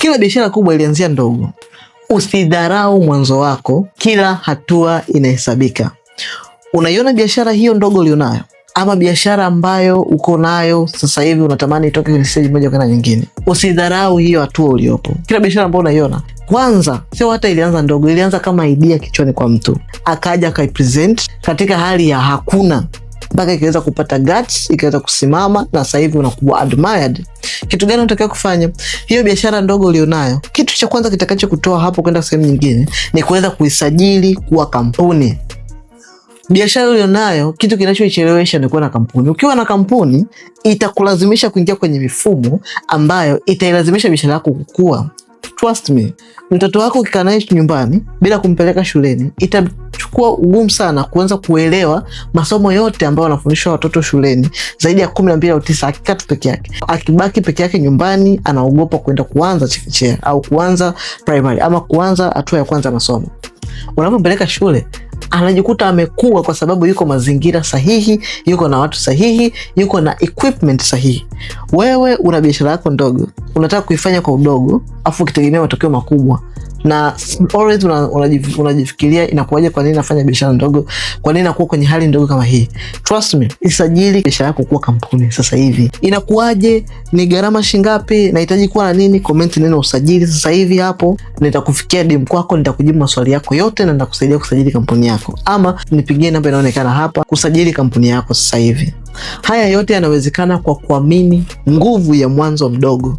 Kila biashara kubwa ilianzia ndogo. Usidharau mwanzo wako, kila hatua inahesabika. Unaiona biashara hiyo ndogo ulionayo, ama biashara ambayo uko nayo sasa hivi unatamani itoke kwenye steji moja kwenda nyingine, usidharau hiyo hatua uliopo. Kila biashara ambayo unaiona kwanza, sio hata ilianza ndogo, ilianza kama idea kichwani kwa mtu, akaja akaipresent katika hali ya hakuna mpaka ikaweza kupata guts, ikaweza kusimama na sasa hivi unakuwa admired. Kitu gani unatakiwa kufanya? Hiyo biashara ndogo ulionayo, kitu cha kwanza kitakacho kutoa hapo kwenda sehemu nyingine ni kuweza kuisajili kuwa kampuni. Biashara ulionayo, kitu kinachoichelewesha ni kuwa na kampuni. Ukiwa na kampuni, itakulazimisha kuingia kwenye mifumo ambayo itailazimisha biashara yako kukua. Trust me, mtoto wako ukikaa naye nyumbani bila kumpeleka shuleni itachukua ugumu sana kuanza kuelewa masomo yote ambayo wanafundishwa watoto shuleni zaidi ya kumi na mbili au tisa akikatu peke yake. Akibaki peke yake nyumbani anaogopa kwenda kuanza chekechea au kuanza primary ama kuanza hatua ya kwanza masomo. Unapompeleka shule anajikuta amekua kwa sababu yuko mazingira sahihi, yuko na watu sahihi, yuko na equipment sahihi. Wewe una biashara yako ndogo, unataka kuifanya kwa udogo, afu ukitegemea matokeo makubwa, na always unajifikiria una, una inakuwaje, kwa nini nafanya biashara ndogo, kwa nini nakuwa kwenye hali ndogo kama hii? Trust me, isajili biashara yako kuwa kampuni sasa hivi. Inakuwaje? ni gharama shingapi? nahitaji kuwa na nini? Comment neno usajili sasa hivi hapo, nitakufikia DM kwako, nitakujibu maswali yako yote na nitakusaidia kusajili kampuni yako, ama nipigie namba inaonekana hapa kusajili kampuni yako sasa hivi. Haya yote yanawezekana kwa kuamini nguvu ya mwanzo mdogo.